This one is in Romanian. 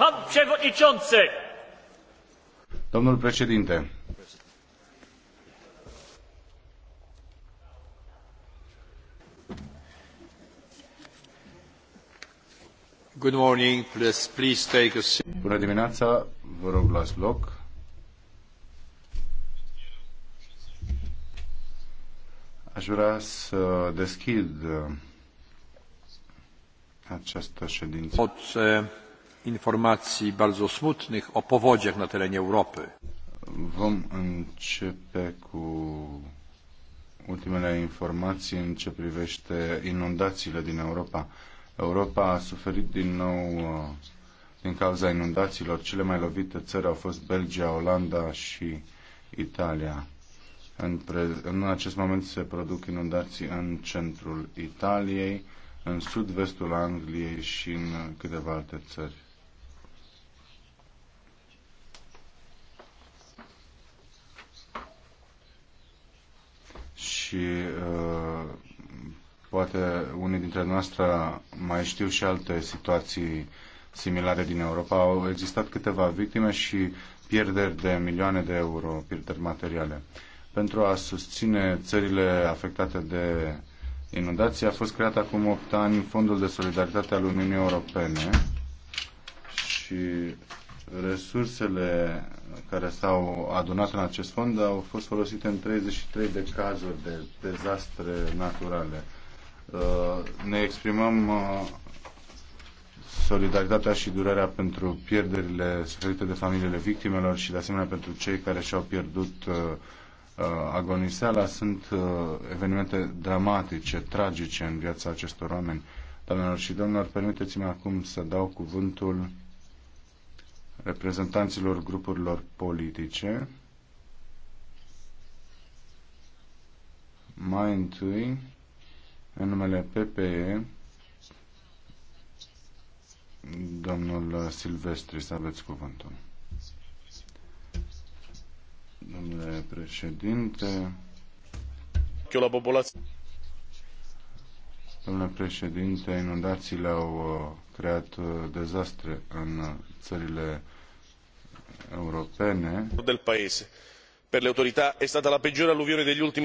Pan przewodniczący! Domnul președinte. Good morning. Please, please take a seat. Bună dimineața, vă rog luați loc. Aș vrea să deschid uh, această ședință. Pot, uh informacji bardzo smutnych o powodziach na terenie Europy. Vom începe cu ultimele informații în ce privește inundațiile din Europa. Europa a suferit din nou uh, din cauza inundațiilor. Cele mai lovite țări au fost Belgia, Olanda și Italia. În, pre... în acest moment se produc inundații în centrul Italiei, în sud-vestul Angliei și în câteva alte țări. și uh, poate unii dintre noastre mai știu și alte situații similare din Europa. Au existat câteva victime și pierderi de milioane de euro, pierderi materiale. Pentru a susține țările afectate de inundații a fost creat acum 8 ani Fondul de Solidaritate al Uniunii Europene și resursele care s-au adunat în acest fond au fost folosite în 33 de cazuri de dezastre naturale. Uh, ne exprimăm uh, solidaritatea și durerea pentru pierderile suferite de familiile victimelor și de asemenea pentru cei care și-au pierdut uh, agoniseala. Sunt evenimente dramatice, tragice în viața acestor oameni. Doamnelor și domnilor, permiteți-mi acum să dau cuvântul reprezentanților grupurilor politice. Mai întâi, în numele PPE, domnul Silvestri, să aveți cuvântul. Domnule președinte, la populație. Domnule președinte, inundațiile au uh, creat uh, dezastre în uh, țările europene. Del paese. Per le autorità è stata la peggiore alluvione degli ultimi